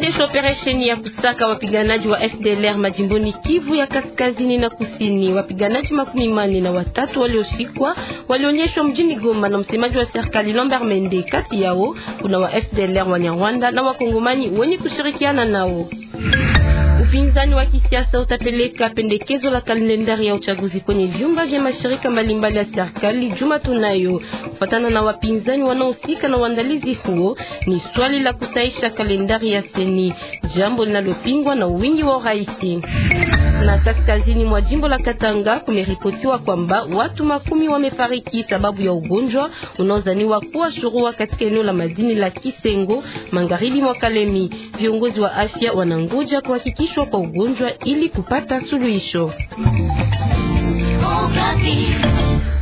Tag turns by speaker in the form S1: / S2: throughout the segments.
S1: Kunaendesha operesheni ya kusaka wapiganaji wa FDLR majimboni Kivu ya kaskazini na kusini. Wapiganaji makumi manne na watatu walioshikwa walionyeshwa mjini Goma na msemaji wa serikali Lambert Mende. Kati yao kuna wa FDLR wa Nyarwanda na wakongomani wenye kushirikiana nao. Upinzani wa kisiasa utapeleka pendekezo la kalendari ya uchaguzi kwenye vyumba vya mashirika mbalimbali ya serikali juma tunayo. Kufatana na wapinzani wanaohusika na uandalizi huo, ni swali la kusaisha kalendari ya seni, jambo linalopingwa na wingi wa raisi na kaskazini mwa jimbo la Katanga kumeripotiwa kwamba watu makumi wamefariki sababu ya ugonjwa unaozaniwa kuwa shurua katika eneo la madini la Kisengo magharibi mwa Kalemi. Viongozi wa afya wanangoja kuhakikishwa kwa ugonjwa ili kupata suluhisho. Oh,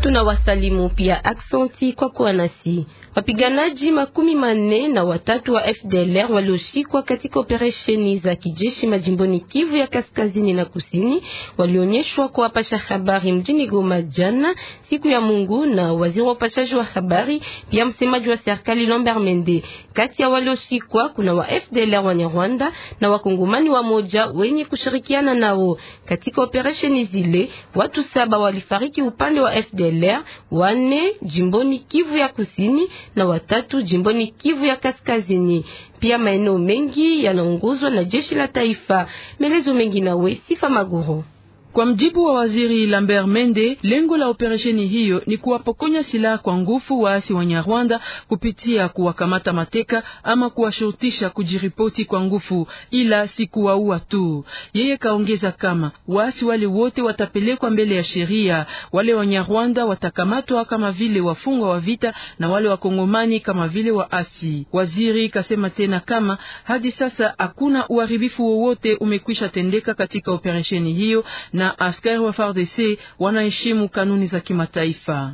S1: Tunawasalimu pia, aksanti kwa kuwa nasi. Wapiganaji makumi manne na watatu wa FDLR walioshikwa katika operesheni za kijeshi majimboni Kivu ya kaskazini na kusini walionyeshwa kwa wapasha habari mjini Goma jana siku ya Mungu na waziri wa upashaji wa habari pia msemaji wa serikali Lambert Mende. Kati ya walioshikwa kuna wa FDLR wa Rwanda na wakongomani wa moja wenye kushirikiana nao katika operesheni zile. Watu saba walifariki upande wa FDLR, wane jimboni Kivu ya kusini na watatu jimboni Kivu ya Kaskazini. Pia maeneo mengi yanaongozwa na jeshi la taifa. Melezo mengi nawe Sifa Maguru. Kwa mjibu wa
S2: waziri Lambert Mende, lengo la operesheni hiyo ni kuwapokonya silaha kwa nguvu waasi wa Nyarwanda kupitia kuwakamata mateka ama kuwashurutisha kujiripoti kwa nguvu, ila si kuwaua tu. Yeye kaongeza kama waasi wale wote watapelekwa mbele ya sheria, wale wa Nyarwanda watakamatwa kama vile wafungwa wa vita na wale wakongomani kama vile waasi. Waziri kasema tena kama hadi sasa hakuna uharibifu wowote umekwisha tendeka katika operesheni hiyo na askari wa FARDC wanaheshimu kanuni za kimataifa.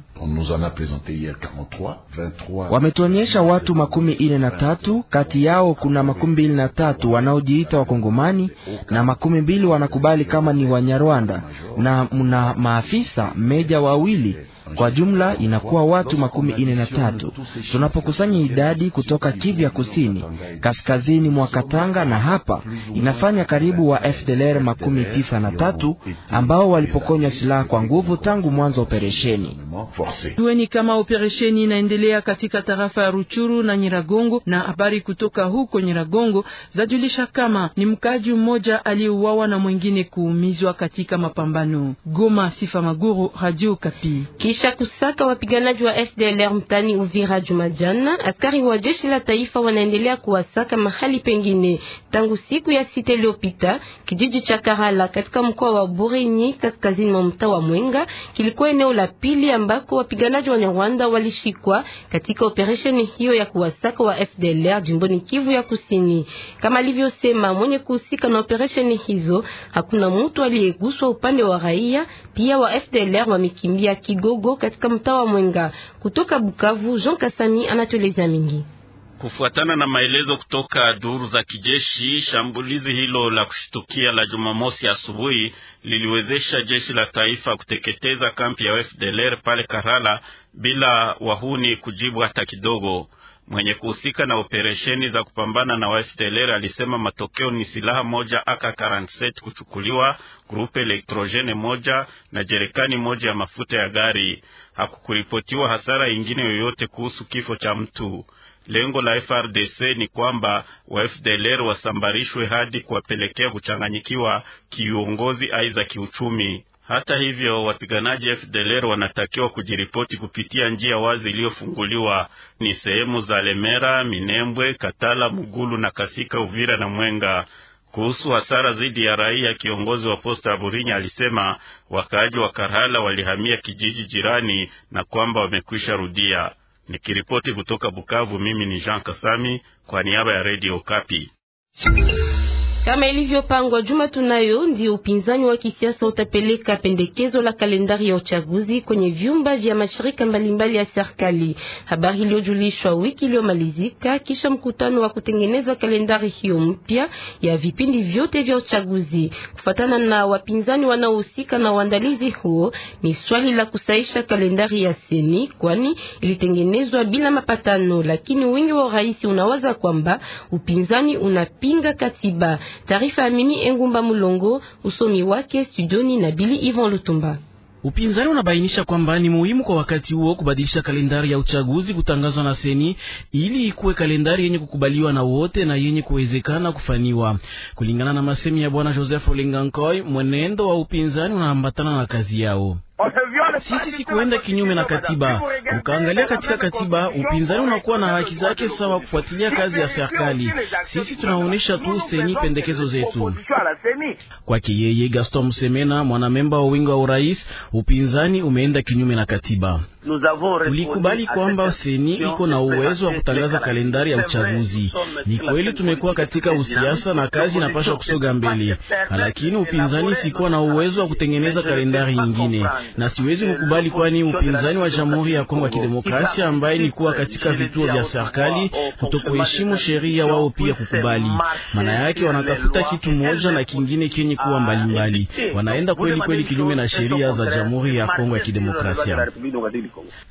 S3: Wametuonyesha watu makumi ine na tatu, kati yao kuna makumi mbili na tatu wanaojiita Wakongomani na makumi mbili wanakubali kama ni Wanyarwanda, na mna maafisa meja wawili kwa jumla inakuwa watu makumi ine na tatu. Tunapokusanya idadi kutoka Kivu ya kusini, kaskazini mwa Katanga na hapa, inafanya karibu wa FDLR makumi tisa na tatu ambao walipokonywa silaha kwa nguvu tangu mwanzo operesheni.
S2: Jueni kama operesheni inaendelea katika tarafa ya Ruchuru na Nyiragongo, na habari kutoka huko Nyiragongo zajulisha kama ni mkaji mmoja aliyeuawa na mwingine kuumizwa katika mapambano. Goma, Sifa Maguru, Radio Kapi.
S1: Kisha cha kusaka wapiganaji wa FDLR mtani Uvira Jumajana, askari wa jeshi la taifa wanaendelea kuwasaka mahali pengine tangu siku ya sita iliyopita. Kijiji cha Karala katika mkoa wa Burini kaskazini mwa mtaa wa Mwenga kilikuwa eneo la pili ambako wapiganaji wa Nyarwanda walishikwa katika operesheni hiyo ya kuwasaka wa FDLR jimboni Kivu ya Kusini. Kama alivyosema mwenye kuhusika na operesheni hizo, hakuna mtu aliyeguswa upande wa raia, pia wa FDLR wamekimbia Kigogo Bugogo katika mtaa wa Mwenga. Kutoka Bukavu, Jean Kasami anatueleza mingi.
S4: Kufuatana na maelezo kutoka duru za kijeshi, shambulizi hilo la kushtukia la Jumamosi asubuhi liliwezesha jeshi la taifa kuteketeza kampi ya FDLR pale Karala bila wahuni kujibu hata kidogo. Mwenye kuhusika na operesheni za kupambana na FDLR alisema matokeo ni silaha moja AK47 kuchukuliwa, grupe elektrojene moja na jerekani moja ya mafuta ya gari. Hakukuripotiwa hasara ingine yoyote kuhusu kifo cha mtu. Lengo la FRDC ni kwamba wa FDLR wasambarishwe hadi kuwapelekea kuchanganyikiwa kiuongozi, aidha kiuchumi. Hata hivyo wapiganaji FDLR wanatakiwa kujiripoti kupitia njia wazi iliyofunguliwa ni sehemu za Lemera, Minembwe, Katala, Mugulu na Kasika, Uvira na Mwenga. Kuhusu hasara dhidi ya raia, kiongozi wa posta ya Burinya alisema wakaaji wa Karhala walihamia kijiji jirani na kwamba wamekwisha rudia. Nikiripoti kutoka Bukavu, mimi ni Jean Kasami kwa niaba ya Radio Kapi.
S1: Kama ilivyopangwa juma tunayo, ndio upinzani wa kisiasa utapeleka pendekezo la kalendari ya uchaguzi kwenye vyumba vya mashirika mbalimbali ya serikali. Habari iliyojulishwa wiki iliyomalizika kisha mkutano wa kutengeneza kalendari hiyo mpya ya vipindi vyote vya uchaguzi. Kufatana na wapinzani wanaohusika na uandalizi huo, ni swali la kusaisha kalendari ya seni, kwani ilitengenezwa bila mapatano, lakini wingi wa rais unawaza kwamba upinzani unapinga katiba. Taarifa ya Mimi Engumba Mulongo, usomi wake studioni na Bili Ivan Lutumba.
S3: Upinzani unabainisha kwamba ni muhimu kwa wakati huo kubadilisha kalendari ya uchaguzi kutangazwa na seni ili ikuwe kalendari yenye kukubaliwa na wote na yenye kuwezekana kufaniwa. Kulingana na masemi ya bwana Joseph Olingankoy, mwenendo wa upinzani unaambatana na kazi yao sisi sikuenda kinyume na katiba. Ukaangalia katika katiba, upinzani unakuwa na haki zake sawa kufuatilia kazi ya serikali. Sisi tunaonyesha tu seni pendekezo zetu. Kwake yeye Gaston Msemena, mwanamemba wa wingi wa urais, upinzani umeenda kinyume na katiba. Tulikubali kwamba seni iko na uwezo wa kutangaza kalendari ya uchaguzi. Ni kweli tumekuwa katika usiasa na kazi inapaswa kusoga mbele, lakini upinzani sikuwa na uwezo wa kutengeneza kalendari nyingine na siwezi kukubali, kwani upinzani wa Jamhuri ya Kongo ya Kidemokrasia ambaye ni kuwa katika vituo vya serikali kutokuheshimu sheria, wao pia kukubali. Maana yake wanatafuta kitu moja na kingine kenye kuwa mbalimbali, wanaenda kweli kweli kinyume na sheria za Jamhuri ya Kongo ya Kidemokrasia.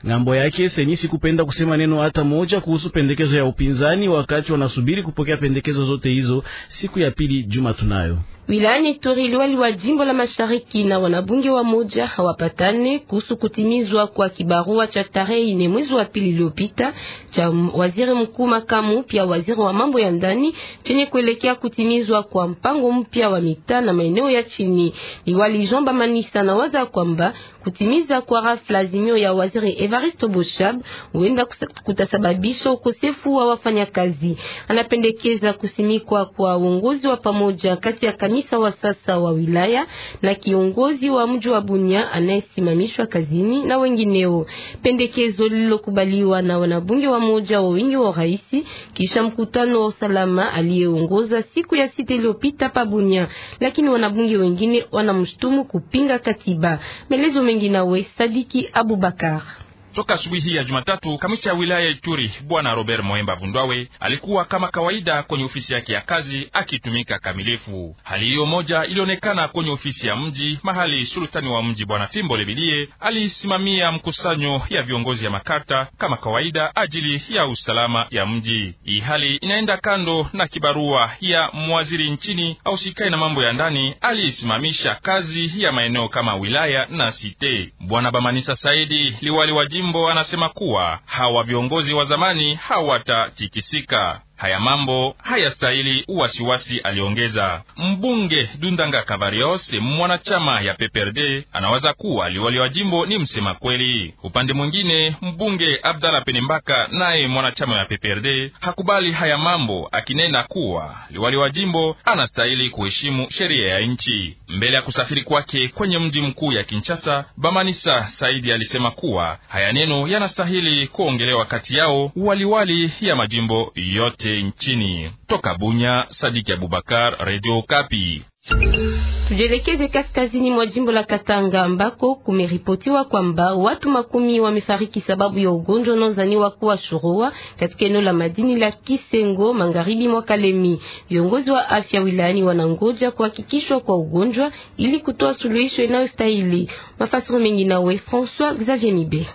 S3: Ngambo yake Seni sikupenda kusema neno hata moja kuhusu pendekezo ya upinzani, wakati wanasubiri kupokea pendekezo zote hizo siku ya pili juma tunayo
S1: Wilayani Ituri liwali wa jimbo la mashariki na wanabunge wa moja hawapatane kuhusu kutimizwa kwa kibarua cha tarehe ine mwezi wa pili iliyopita cha waziri mkuu makamu pia waziri wa mambo ya ndani chenye kuelekea kutimizwa kwa mpango mpya wa mitaa na maeneo ya chini. Liwali Jomba Manisa na waza kwamba kutimiza kwa ghafla azimio ya waziri Evaristo Boshab huenda kutasababisha ukosefu wa wafanyakazi. Anapendekeza kusimikwa kwa uongozi wa pamoja kati ya kanisa wa sasa wa wilaya na kiongozi wa mji wa Bunia anayesimamishwa kazini na wengineo. Pendekezo lililokubaliwa na wanabunge wa moja wa wingi wa rais kisha mkutano wa usalama aliyeongoza siku ya sita iliyopita pa Bunia, lakini wanabunge wengine wanamshtumu kupinga katiba. Melezo mengi nawe Sadiki Abubakar.
S5: Toka asubuhi hii ya Jumatatu, kamisa ya wilaya ya Ituri bwana Robert Moemba Vundwawe alikuwa kama kawaida kwenye ofisi yake ya kazi akitumika kamilifu. Hali hiyo moja ilionekana kwenye ofisi ya mji mahali sultani wa mji bwana Fimbo Lebilie alisimamia mkusanyo ya viongozi ya makarta kama kawaida ajili ya usalama ya mji. Hii hali inaenda kando na kibarua ya mwaziri nchini ausikae na mambo ya ndani aliisimamisha kazi ya maeneo kama wilaya na site. Bwana Bamanisa Saidi liwali wa jimbo anasema kuwa hawa viongozi wa zamani hawatatikisika. Haya mambo hayastahili uwasiwasi, aliongeza. Mbunge Dundanga Kavarios, mwanachama ya PPRD, anaweza kuwa liwali wa jimbo ni msema kweli. Upande mwingine, mbunge Abdala Penembaka, naye mwanachama ya PPRD, hakubali haya mambo, akinena kuwa liwali wa jimbo anastahili kuheshimu sheria ya nchi. Mbele ya kusafiri kwake kwenye mji mkuu ya Kinshasa, Bamanisa Saidi alisema kuwa haya neno yanastahili kuongelewa kati yao waliwali ya majimbo yote nchini. Toka Bunya, Sadiki Abubakar, Radio Kapi.
S1: Tujelekeze kaskazini mwa jimbo la Katanga ambako kumeripotiwa kwamba watu makumi wamefariki sababu ya ugonjwa unaozaniwa kuwa shurua katika eneo la madini la Kisengo magharibi mwa Kalemi. Viongozi wa afya wilayani wanangoja kuhakikishwa kwa ugonjwa ili kutoa suluhisho inayostahili. Mafasiri mengi nawe François Xavier Mibe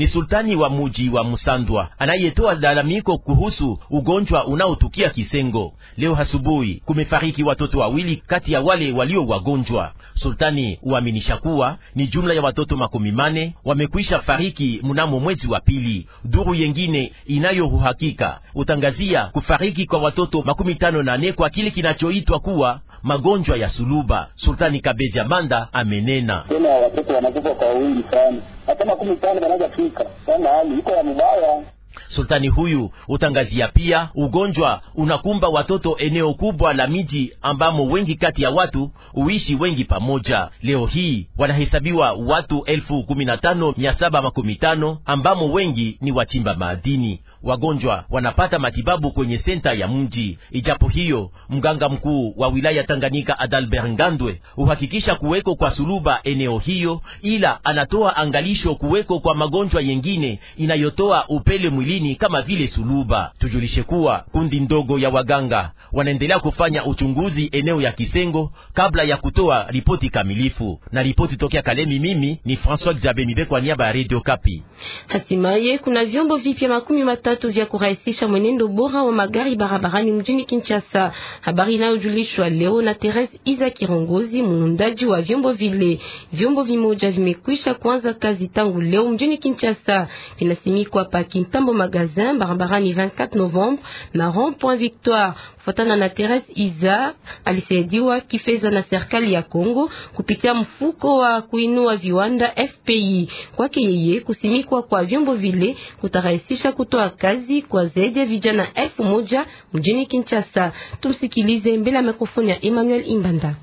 S6: ni sultani wa muji wa Musandwa anayetoa lalamiko kuhusu ugonjwa unaotukia Kisengo. Leo asubuhi kumefariki watoto wawili kati ya wale walio wagonjwa. Sultani huaminisha kuwa ni jumla ya watoto makumi mane wamekwisha fariki mnamo mwezi wa pili. Duru yengine inayo uhakika utangazia kufariki kwa watoto makumi tano na nane kwa kile kinachoitwa kuwa magonjwa ya suluba. Sultani Kabeja Manda amenena
S3: tena, watoto wanakufa kwa wingi sana, hata makumi tano wanaweza fika sana, hali iko ya mubaya
S6: Sultani huyu utangazia pia ugonjwa unakumba watoto eneo kubwa la miji ambamo wengi kati ya watu uishi wengi pamoja. Leo hii wanahesabiwa watu elfu kumi na tano mia saba makumi tano ambamo wengi ni wachimba maadini Wagonjwa wanapata matibabu kwenye senta ya mji. Ijapo hiyo, mganga mkuu wa wilaya Tanganyika Adalbert Ngandwe uhakikisha kuweko kwa suluba eneo hiyo, ila anatoa angalisho kuweko kwa magonjwa yengine inayotoa upele mwilini kama vile suluba. Tujulishe kuwa kundi ndogo ya waganga wanaendelea kufanya uchunguzi eneo ya Kisengo kabla ya kutoa ripoti kamilifu. Na ripoti tokea Kalemi, mimi ni François Xavier Mibe kwa niaba ya Radio Kapi.
S1: Hatimaye kuna vyombo vipya makumi matatu vya kurahisisha mwenendo bora wa magari barabarani mjini Kinshasa. Habari inayojulishwa leo na Therese Iza Kirongozi, muundaji wa vyombo vile. Vyombo vimoja vimekwisha kuanza kazi tangu leo mjini Kinshasa, vinasimikwa pa Kintambo Kongo Magazin barabarani 24 Novembre na rond-point Victoire. Kufuatana na Therese Iza alisaidiwa kifedha na serikali ya Kongo kupitia mfuko wa kuinua viwanda FPI. Kwake yeye kusimikwa kwa vyombo vile kutarahisisha kutoa kazi kwa zaidi ya vijana elfu moja mjini Kinshasa. Tumsikilize mbele ya mikrofoni ya Emmanuel Imbanda.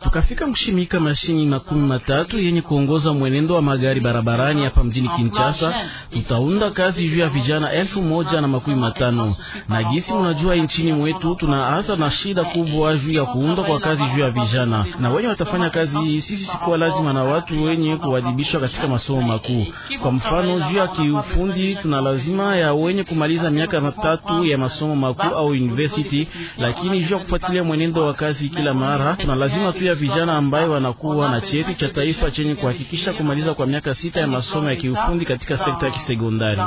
S1: Tukafika
S3: kushimika mashini makumi matatu yenye kuongoza mwenendo wa magari barabarani hapa mjini Kinshasa. Tutaunda kazi juu ya vijana elfu moja na makumi matano na gisi mnajua, nchini mwetu tunaanza na shida kubwa juu ya kuunda kwa kazi juu ya vijana, na wenye watafanya kazi hii sisi sikuwa lazima na watu wenye kuwadhibishwa katika masomo makuu. Kwa mfano juu ya kiufundi, tuna lazima ya wenye kumaliza miaka matatu ya masomo makuu au university, lakini juu ya kufuatilia mwenendo wa kazi kila mara. Tuna lazima pia vijana ambayo wanakuwa na cheti cha taifa chenye kuhakikisha kumaliza kwa miaka sita ya masomo ya kiufundi katika sekta ya kisekondari.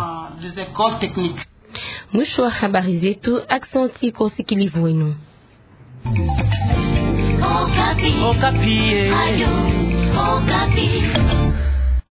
S1: Mwisho wa habari zetu. Aksanti kwa usikilivu wenu.
S3: Okapi. Okapi. Eh. Okapi.